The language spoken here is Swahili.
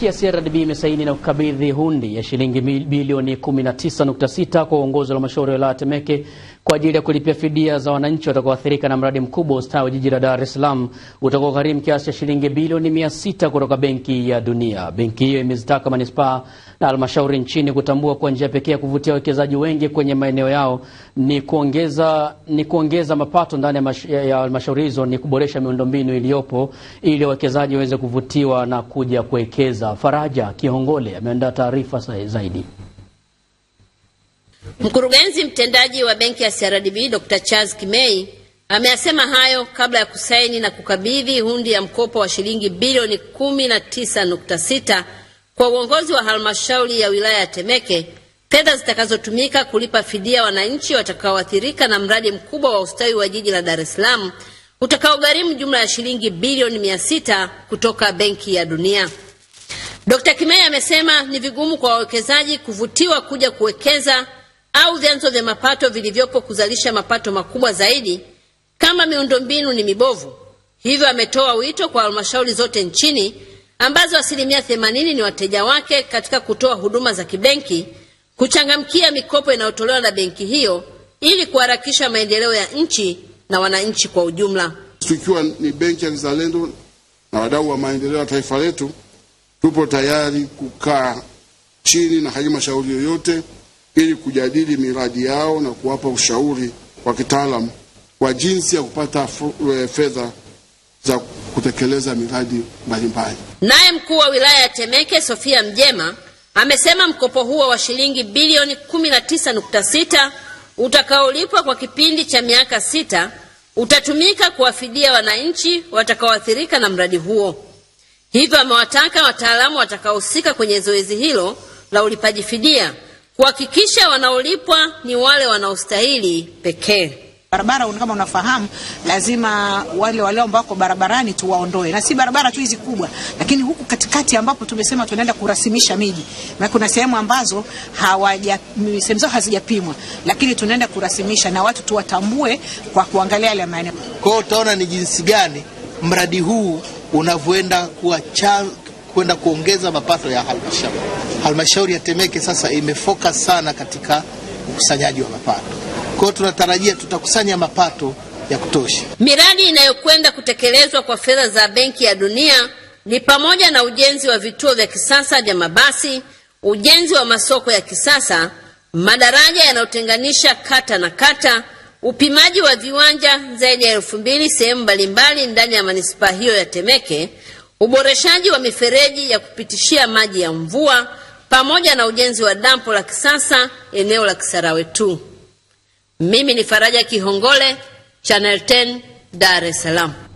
Benki ya CRDB imesaini na kukabidhi hundi ya shilingi bilioni 19.6 kwa uongozi wa halmashauri ya wilaya Temeke kwa ajili ya kulipia fidia za wananchi watakaoathirika na mradi mkubwa wa ustawi wa jiji la Dar es Salaam utakaogharimu kiasi cha shilingi bilioni 600 kutoka Benki ya Dunia. Benki hiyo imezitaka manispaa na halmashauri nchini kutambua kuwa njia pekee ya kuvutia wawekezaji wengi kwenye maeneo yao ni kuongeza, ni kuongeza mapato ndani ya halmashauri hizo ni kuboresha miundombinu iliyopo ili wawekezaji waweze kuvutiwa na kuja kuwekeza. Faraja Kihongole ameandaa taarifa zaidi. Mkurugenzi mtendaji wa benki ya CRDB Dr. Charles Kimei ameyasema hayo kabla ya kusaini na kukabidhi hundi ya mkopo wa shilingi bilioni 19.6 kwa uongozi wa halmashauri ya wilaya ya Temeke, fedha zitakazotumika kulipa fidia wananchi watakaoathirika na mradi mkubwa wa ustawi wa jiji la Dar es Salaam utakaogharimu jumla ya shilingi bilioni 600 kutoka Benki ya Dunia. Dkt. Kimei amesema ni vigumu kwa wawekezaji kuvutiwa kuja kuwekeza au vyanzo vya mapato vilivyopo kuzalisha mapato makubwa zaidi kama miundombinu ni mibovu. Hivyo ametoa wito kwa halmashauri zote nchini ambazo asilimia themanini ni wateja wake katika kutoa huduma za kibenki kuchangamkia mikopo inayotolewa na benki hiyo ili kuharakisha maendeleo ya nchi na wananchi kwa ujumla. Tukiwa ni benki ya Kizalendo na wadau wa maendeleo ya taifa letu Tupo tayari kukaa chini na halmashauri yoyote ili kujadili miradi yao na kuwapa ushauri wa kitaalamu kwa jinsi ya kupata e, fedha za kutekeleza miradi mbalimbali. Naye mkuu wa wilaya ya Temeke Sofia Mjema amesema mkopo huo wa shilingi bilioni 19.6 utakaolipwa kwa kipindi cha miaka sita utatumika kuwafidia wananchi watakaoathirika na mradi huo. Hivyo amewataka wataalamu watakaohusika kwenye zoezi hilo la ulipaji fidia kuhakikisha wanaolipwa ni wale wanaostahili pekee. Barabara kama unafahamu, lazima wale wale ambao wako barabarani tuwaondoe, na si barabara tu hizi kubwa, lakini huku katikati ambapo tumesema tunaenda kurasimisha miji, na kuna sehemu ambazo hawaja sehemu zao hazijapimwa, lakini tunaenda kurasimisha na watu tuwatambue kwa kuangalia yale maeneo. Kwa hiyo utaona ni jinsi gani mradi huu unavyoenda kuwa kwenda kuongeza mapato ya halmashauri. Halmashauri ya Temeke sasa imefoka sana katika ukusanyaji wa mapato, kwa hiyo tunatarajia tutakusanya mapato ya kutosha. Miradi inayokwenda kutekelezwa kwa fedha za Benki ya Dunia ni pamoja na ujenzi wa vituo vya kisasa vya mabasi, ujenzi wa masoko ya kisasa, madaraja yanayotenganisha kata na kata Upimaji wa viwanja zaidi ya elfu mbili sehemu mbalimbali ndani ya manispaa hiyo ya Temeke, uboreshaji wa mifereji ya kupitishia maji ya mvua pamoja na ujenzi wa dampo la kisasa eneo la Kisarawe tu. Mimi ni Faraja Kihongole, Channel 10, Dar es Salaam.